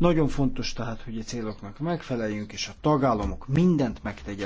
Nagyon fontos tehát, hogy a céloknak megfeleljünk, és a tagállamok mindent megtegyenek,